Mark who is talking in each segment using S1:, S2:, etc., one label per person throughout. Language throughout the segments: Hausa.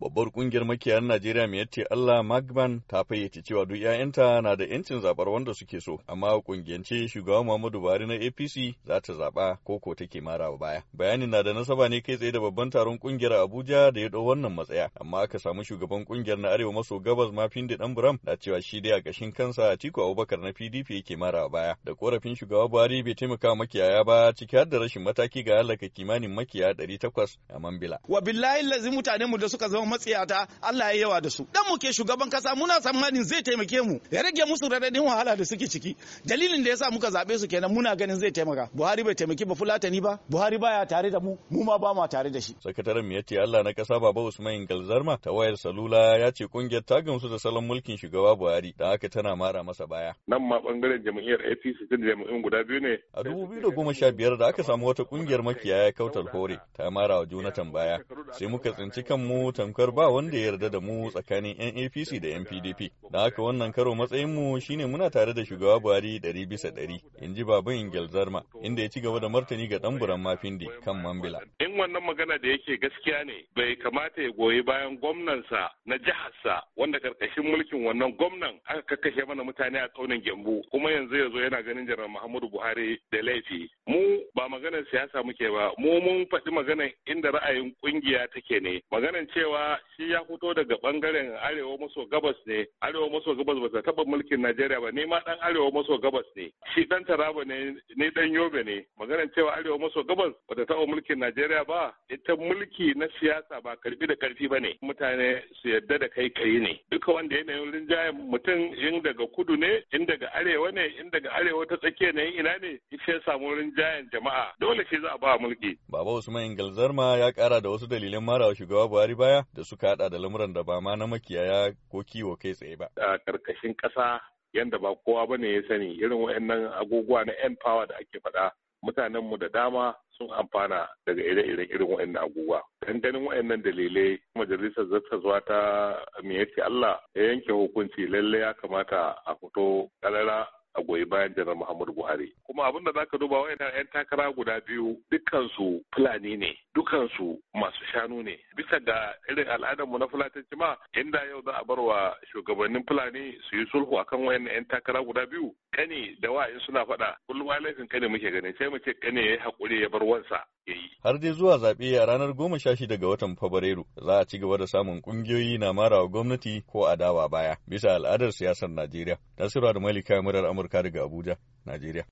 S1: Babbar kungiyar makiyar Najeriya mai yatti Allah Magban ta fayyace cewa duk 'ya'yanta na da 'yancin zaɓar wanda suke so, amma kungiyance shugaban Muhammadu Buhari na APC za ta zaba ko ko take mara wa baya. Bayanin na da nasaba ne kai tsaye da babban taron kungiyar Abuja da ya dau wannan matsaya, amma aka samu shugaban kungiyar na Arewa maso gabas Mafindi Buram na cewa shi dai a gashin kansa Atiku Abubakar na PDP yake mara wa baya. Da korafin shugaba Buhari bai taimaka wa makiyaya ba ciki har da rashin mataki ga halaka kimanin makiyaya 800 a Mambila. Wa billahi lazim mutanen mu da suka zama yawan matsiyata Allah ya yawa da su dan mu ke shugaban kasa muna tsammanin zai taimake mu ya rage musu radadin wahala da suke ciki dalilin da yasa muka zabe su kenan muna ganin zai taimaka Buhari bai taimaki ba Fulatani ba Buhari baya tare da mu mu ma ba mu tare da shi sakataren ya Allah na kasa baba Usman Galzarma ta wayar salula ya ce kungiyar ta gamsu da salon mulkin shugaba Buhari da haka tana mara masa baya
S2: nan ma bangaren jami'ar APC da guda biyu ne
S1: a 2015 da aka samu wata kungiyar makiyaya kautal hore ta mara wa Jonathan baya sai muka tsinci kanmu tamkar tamkar ba wanda ya yarda da mu tsakanin 'yan APC da 'yan PDP. Da haka wannan karo mu shine muna tare da shugaba Buhari ɗari bisa ɗari, in ji Baban Ingel Zarma, inda ya ci gaba da martani ga ɗanburan Mafindi kan Mambila.
S2: In wannan magana da yake gaskiya ne bai kamata ya goyi bayan gwamnansa na jihar sa wanda karkashin mulkin wannan gwamnan aka kakkashe mana mutane a tsaunin Gembu kuma yanzu ya zo yana ganin Janar Muhammadu Buhari da laifi. Mu ba maganar siyasa muke ba mu mun faɗi maganar inda ra'ayin kungiya take ne maganar cewa shi ya fito daga bangaren arewa maso gabas ne arewa maso gabas ba ta taɓa mulkin najeriya ba ni ma dan arewa maso gabas ne shi dan taraba ne ni dan yobe ne maganar cewa arewa maso gabas ba ta taɓa mulkin najeriya ba ita mulki na siyasa ba karfi da karfi ba ne mutane su yadda da kai kai ne duka wanda yanayin rinjayen mutum in daga kudu ne in daga arewa ne in daga arewa ta tsakiya ne ina ne shi ya samu rinjayen jama'a jama'a dole ce za a ba mulki.
S1: Baba Usman Galzarma ya kara da wasu dalilan marawa shugaba Buhari baya da suka hada da lamuran da ba ma na makiyaya ko kiwo kai tsaye ba. A karkashin ƙasa yanda
S2: ba kowa ba ne ya sani irin waɗannan agogowa na n power da ake faɗa mutanenmu da dama sun amfana daga ire-iren irin waɗannan agogowa. Dandanin waɗannan dalilai majalisar zuwa ta miyarci Allah ya yanke hukunci lallai ya kamata a fito ƙarara a goyi bayan janar Muhammadu Buhari. Kuma abin da ka duba wayannan 'yan takara guda biyu dukkansu Fulani ne, dukkansu masu shanu ne. Bisa ga irin al'adar mu na Fulatanci ma inda yau za a bar wa shugabannin Fulani su yi sulhu akan wayannan 'yan takara guda biyu Kani da wa'in suna faɗa kullum ma laifin kane muke ganin sai mu ce kane ya yi haƙuri ya bar wansa ya
S1: yi. Har dai zuwa zaɓe a ranar goma sha shida ga watan Fabrairu za a ci gaba da samun ƙungiyoyi na marawa gwamnati ko adawa baya bisa al'adar siyasar Najeriya. tasirwa da Malika murar Amurka daga Abuja, Najeriya.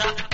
S1: Ha, ha, ha.